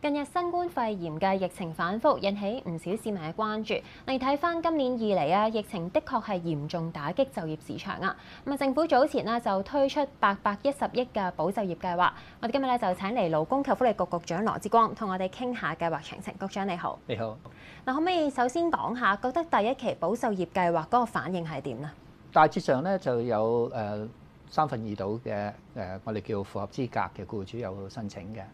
近日新冠肺炎嘅疫情反復，引起唔少市民嘅關注。嚟睇翻，今年以嚟啊，疫情的確係嚴重打擊就業市場啊。咁啊，政府早前咧就推出八百一十億嘅保就業計劃，我哋今日咧就請嚟勞工及福利局局長羅致光，同我哋傾下計劃詳情。局長你好，你好。嗱，可唔可以首先講下，覺得第一期保就業計劃嗰個反應係點啊？大致上咧就有誒三分二到嘅誒我哋叫符合資格嘅僱主有申請嘅。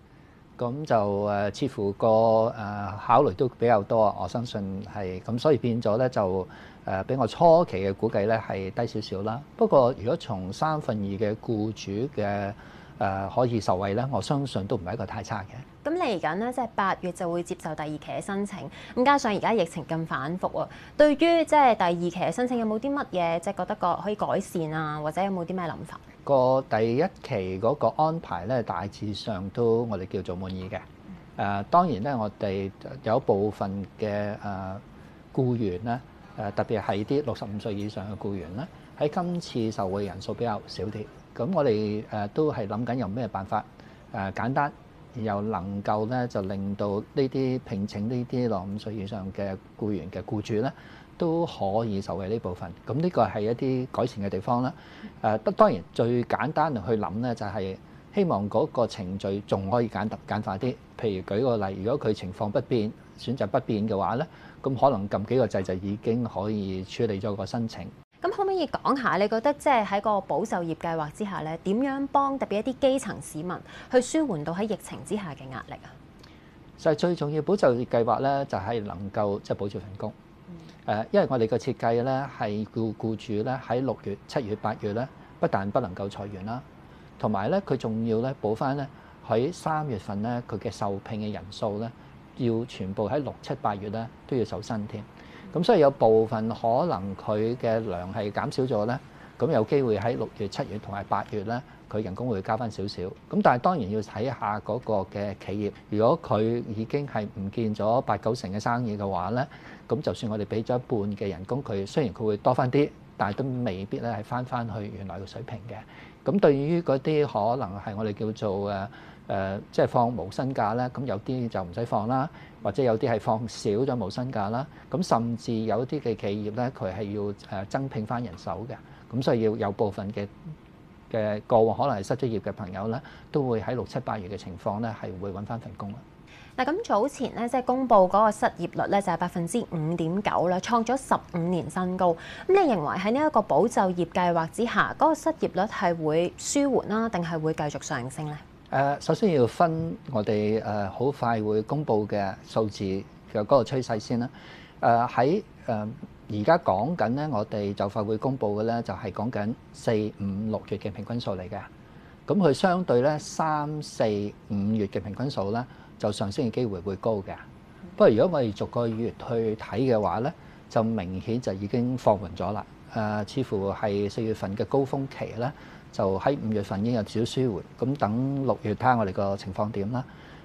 咁就誒、呃，似乎個誒、呃、考慮都比較多，我相信係咁、嗯，所以變咗咧就誒、呃，比我初期嘅估計咧係低少少啦。不過如果從三分二嘅僱主嘅誒、呃、可以受惠咧，我相信都唔係一個太差嘅。咁嚟緊咧，即係八月就會接受第二期嘅申請。咁加上而家疫情咁反覆喎，對於即係第二期嘅申請有冇啲乜嘢？即、就、係、是、覺得個可以改善啊，或者有冇啲咩諗法？個第一期嗰個安排咧，大致上都我哋叫做滿意嘅。誒、呃、當然咧，我哋有部分嘅誒僱員咧，誒、呃、特別係啲六十五歲以上嘅僱員咧。喺今次受惠人數比較少啲，咁我哋誒都係諗緊有咩辦法誒、啊、簡單又能夠咧就令到呢啲聘請呢啲六五歲以上嘅僱員嘅僱主咧都可以受惠呢部分。咁呢個係一啲改善嘅地方啦。誒、啊，得當然最簡單去諗咧，就係希望嗰個程序仲可以簡簡化啲。譬如舉個例，如果佢情況不變、選擇不變嘅話咧，咁、嗯、可能撳幾個掣就已經可以處理咗個申請。咁可唔可以講下，你覺得即係喺個保就業計劃之下咧，點樣幫特別一啲基層市民去舒緩到喺疫情之下嘅壓力啊？就係最重要保就業計劃咧，就係、是、能夠即係保住份工。誒，因為我哋嘅設計咧，係僱僱主咧喺六月、七月、八月咧，不但不能夠裁員啦，同埋咧佢仲要咧補翻咧喺三月份咧佢嘅受聘嘅人數咧，要全部喺六七八月咧都要受薪添。咁所以有部分可能佢嘅糧係減少咗咧，咁有機會喺六月、七月同埋八月咧，佢人工會加翻少少。咁但係當然要睇下嗰個嘅企業，如果佢已經係唔見咗八九成嘅生意嘅話咧，咁就算我哋俾咗一半嘅人工，佢雖然佢會多翻啲。但係都未必咧，係翻翻去原來嘅水平嘅。咁對於嗰啲可能係我哋叫做誒誒即係放無薪假啦，咁有啲就唔使放啦，或者有啲係放少咗無薪假啦。咁甚至有啲嘅企業咧，佢係要誒增聘翻人手嘅。咁所以要有部分嘅嘅過往可能係失咗業嘅朋友咧，都會喺六七八月嘅情況咧，係會揾翻份工啦。嗱，咁早前咧，即係公布嗰個失業率咧，就係百分之五點九啦，創咗十五年新高。咁你認為喺呢一個保就業計劃之下，嗰個失業率係會舒緩啦，定係會繼續上升咧？誒，首先要分我哋誒好快會公布嘅數字嘅嗰個趨勢先啦。誒，喺誒而家講緊咧，我哋就快會公布嘅咧，就係講緊四五六月嘅平均數嚟嘅。咁佢相對咧三四五月嘅平均數咧，就上升嘅機會會高嘅。不過如果我哋逐個月去睇嘅話咧，就明顯就已經放緩咗啦。誒、呃，似乎係四月份嘅高峰期咧，就喺五月份已經有少少舒緩。咁等六月睇下我哋個情況點啦。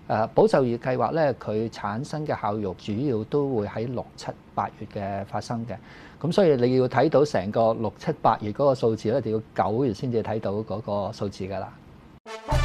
誒保就業計劃咧，佢產生嘅效用主要都會喺六七八月嘅發生嘅，咁所以你要睇到成個六七八月嗰個數字咧，就要九月先至睇到嗰個數字㗎喇。